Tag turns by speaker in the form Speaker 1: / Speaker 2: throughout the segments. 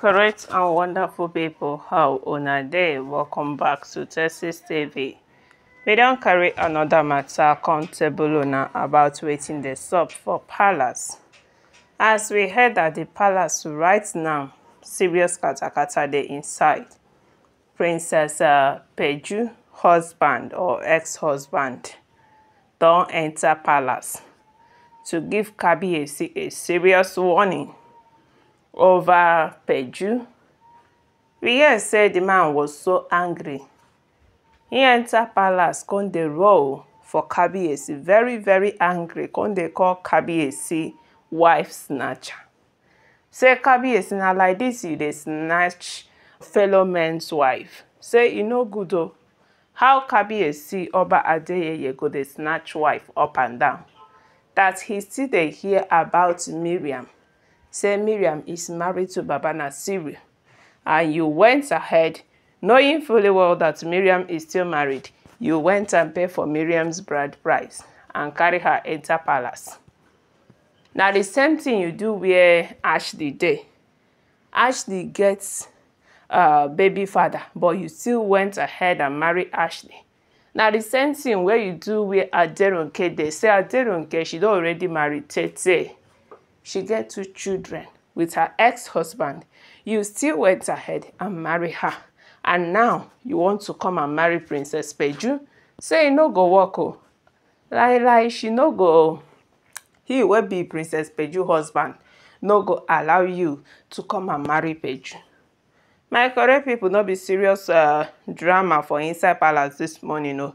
Speaker 1: correct and wonderful people. how una day? welcome back to texas tv we don't carry another matter, come table una about waiting the sub for palace as we heard at the palace right now serious katakata dey inside princess uh, peju husband or ex-husband don't enter palace to give kabiyesi a serious warning over Peju. We hear say the man was so angry. He enter palace, come dey roll for Kabiyesi, very very angry, come they call Kabiyesi wife snatcher. Say Kabiyesi na like this you dey snatch fellow men's wife. Say e no good oo. Oh. How Kabiyesi Oba Adeyeye go dey snatch wife up and down? That he still they hear about Miriam. Say Miriam is married to Babana Siri, And you went ahead, knowing fully well that Miriam is still married. You went and paid for Miriam's bride price and carry her enter palace. Now the same thing you do where Ashley Day Ashley gets uh, baby father, but you still went ahead and marry Ashley. Now the same thing where you do where Aderonke dey. Say Aderonke, she don already married Tete she get two children with her ex-husband. You still went ahead and marry her. And now you want to come and marry Princess Peju? Say e no go work Lie lie. she no go. He will be Princess Peju husband no go allow you to come and marry Peju. My correct people no be serious uh, drama for inside palace this morning o.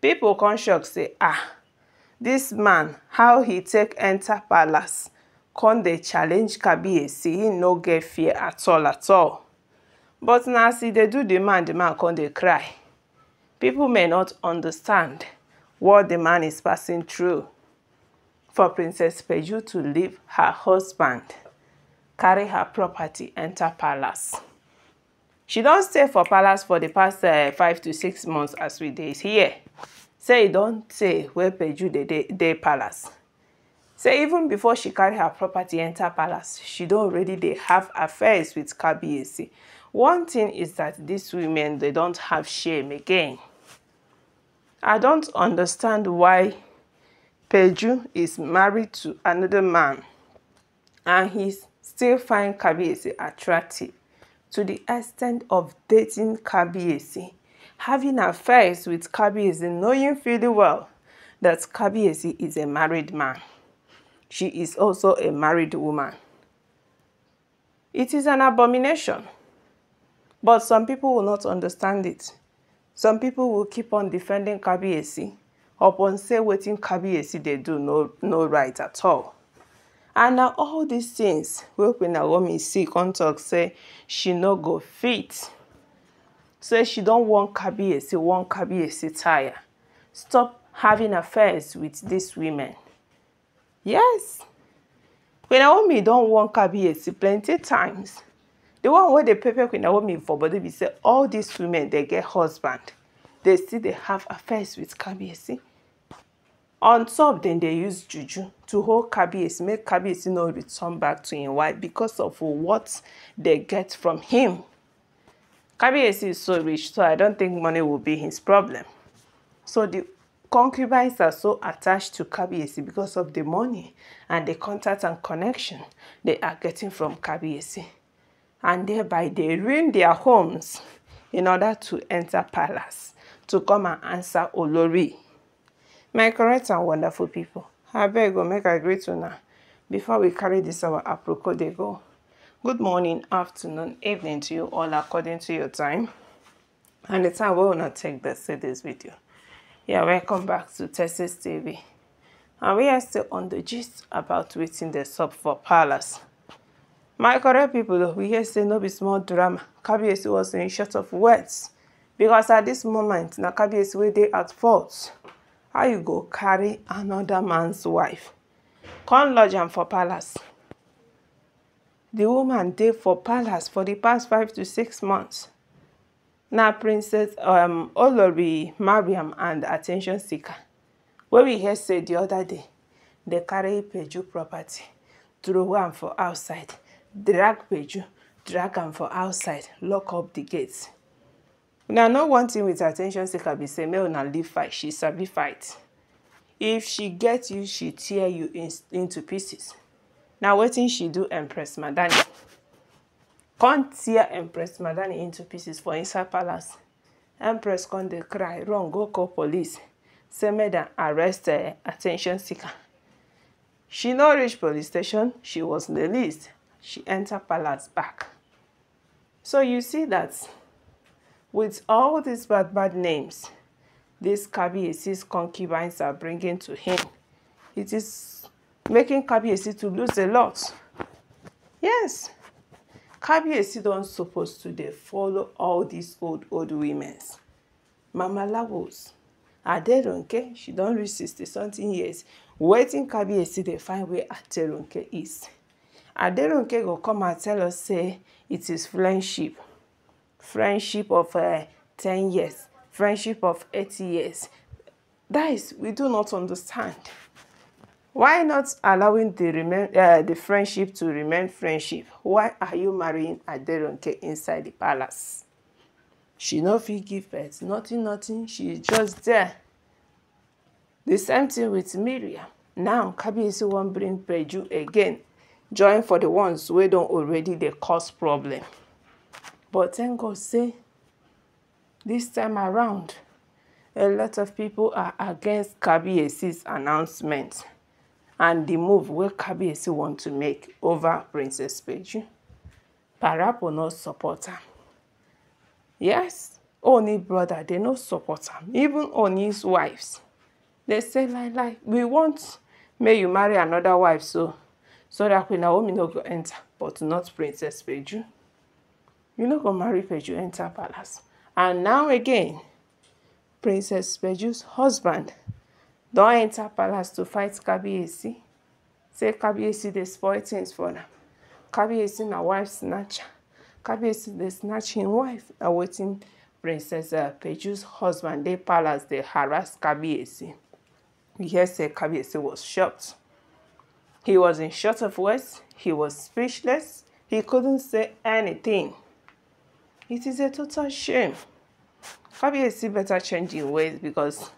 Speaker 1: people come shock say ah, this man how he take enter palace con the challenge kabiyesi him no get fear at all at all but now, see they do the man the man come they cry people may not understand what the man is passing through for princess peju to leave her husband carry her property enter palace she don't stay for palace for the past uh, five to six months as we days here say don't say where peju they they palace so even before she carry her property enter palace, she don already they have affairs with Kabiyesi. One thing is that these women, they don't have shame again. I don't understand why Peju is married to another man and he still find Kabiyesi attractive to the extent of dating Kabiyesi, having affairs with Kabiyesi, knowing fully well that Kabiyesi is a married man she is also a married woman. It is an abomination. But some people will not understand it. Some people will keep on defending Kabiesi upon say in Kabiesi they do no, no right at all. And now all these things will Queen Naomi see Contact talk say she no go fit. Say she don want Kabiesi want Kabiesi tire. Stop having affairs with these women. Yes. Queen Naomi want Kabiye Kabiyesi plenty times. The one wey dey pepper Queen Naomi for body be say all these women they get husband. They still they have affairs with Kabiyesi. On top, then they use juju to hold Kabiyesi, make Kabiye Kabiyesi no return back to him wife because of what they get from him. Kabiyesi is so rich, so I don't think money will be his problem. So the concubines are so attached to Kabiesi because of the money and the contact and connection they are getting from Kabiesi. And thereby they ruin their homes in order to enter palace to come and answer Olori. My correct and wonderful people, I beg you make a great una before we carry this our apropos they go. Good morning, afternoon, evening to you all according to your time. And the time we will not take this, see this video. Yeah, welcome back to Texas TV. And we are still on the gist about waiting the sub for Palace. My correct people, we here say no be small drama. Kabiyesi was in short of words. Because at this moment, na Kabiyesi wey at fault. How you go carry another man's wife? Come lodge him for Palace. The woman did for Palace for the past five to six months. na princess um olori mariam and attention seeker wey we hear say the other day dey carry peju property throw am for outside drag peju drag am for outside lock up the gate una know one thing with attention seeker be say make una leave fight she sabi fight if she get you she tear you in, into pieces na wetin she do empress madani Come tear Empress Madani into pieces for inside palace. Empress come dey cry, run go call police. Say make arrest uh, eh, attention seeker. She no reach police station, she was released. She enter palace back. So you see that with all these bad bad names, these Kabiesi's concubines are bringing to him. It is making Kabiesi to lose a lot. Yes. Kabiyesi don suppose to dey follow all these old old womens. Mama Lagos, Aderonke, she don reach 60 something years. Wetin Kabiyesi dey find where Aderonke is. Aderonke go come and tell us say it is friendship. Friendship of uh, eh, 10 years, friendship of eighty years. That is, we do not understand. Why not allowing the, remain, uh, the friendship to remain friendship? Why are you marrying Adelonke inside the palace? She no fit give birth, nothing, nothing. She is just there. The same thing with Miriam. Now, Kabiyesi wan bring preju again, join for the ones wey don already dey cause problem. But thank God say this time around, a lot of people are against Kabiyesi's announcement and the move wey Kabiyesi want to make over Princess Peju. Parap will not support am. Yes, Ooni brother, they no support am. Even Ooni's wives, they say like like we want make you marry another wife so so that Queen Naomi no go enter, but not Princess Peju. You no go marry Peju enter palace. And now again, Princess Peju's husband Don't enter palace to fight kabiyesi say kabiyesi dey spoil things for them. kabiyesi na wife snatcher kabiyesi the snatch wife na waiting princess uh, peju's husband They palace they harass kabiyesi we hear say kabiyesi was shocked he was in short of words he was speechless he couldn't say anything it is a total shame kabiyesi better change in ways because.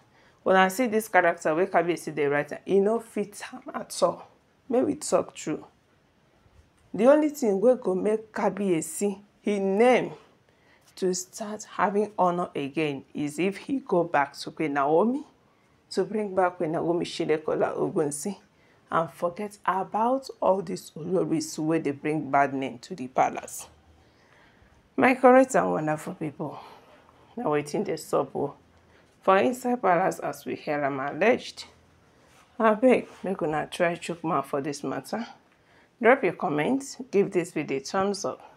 Speaker 1: When I see this character wey kabiyesi dey write am e no fit am at all make we talk true the only thing wey go make kabiyesi im name to start having honour again is if he go back to queen naomi to bring back queen naomi shilekola ogunsi and forget about all these oloris wey dey bring bad name to the palace my correct and wonderful people na wetin dey sup o. for inside palace as we hear am alleged we're make una try chook mouth for this matter drop your comments, give this video thumbs up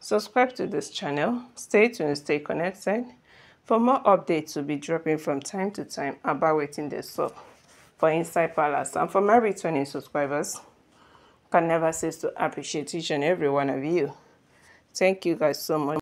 Speaker 1: subscribe to this channel stay tuned stay connected for more updates to be dropping from time to time about waiting the soap. for inside palace and for my returning subscribers can never cease to appreciate each and every one of you thank you guys so much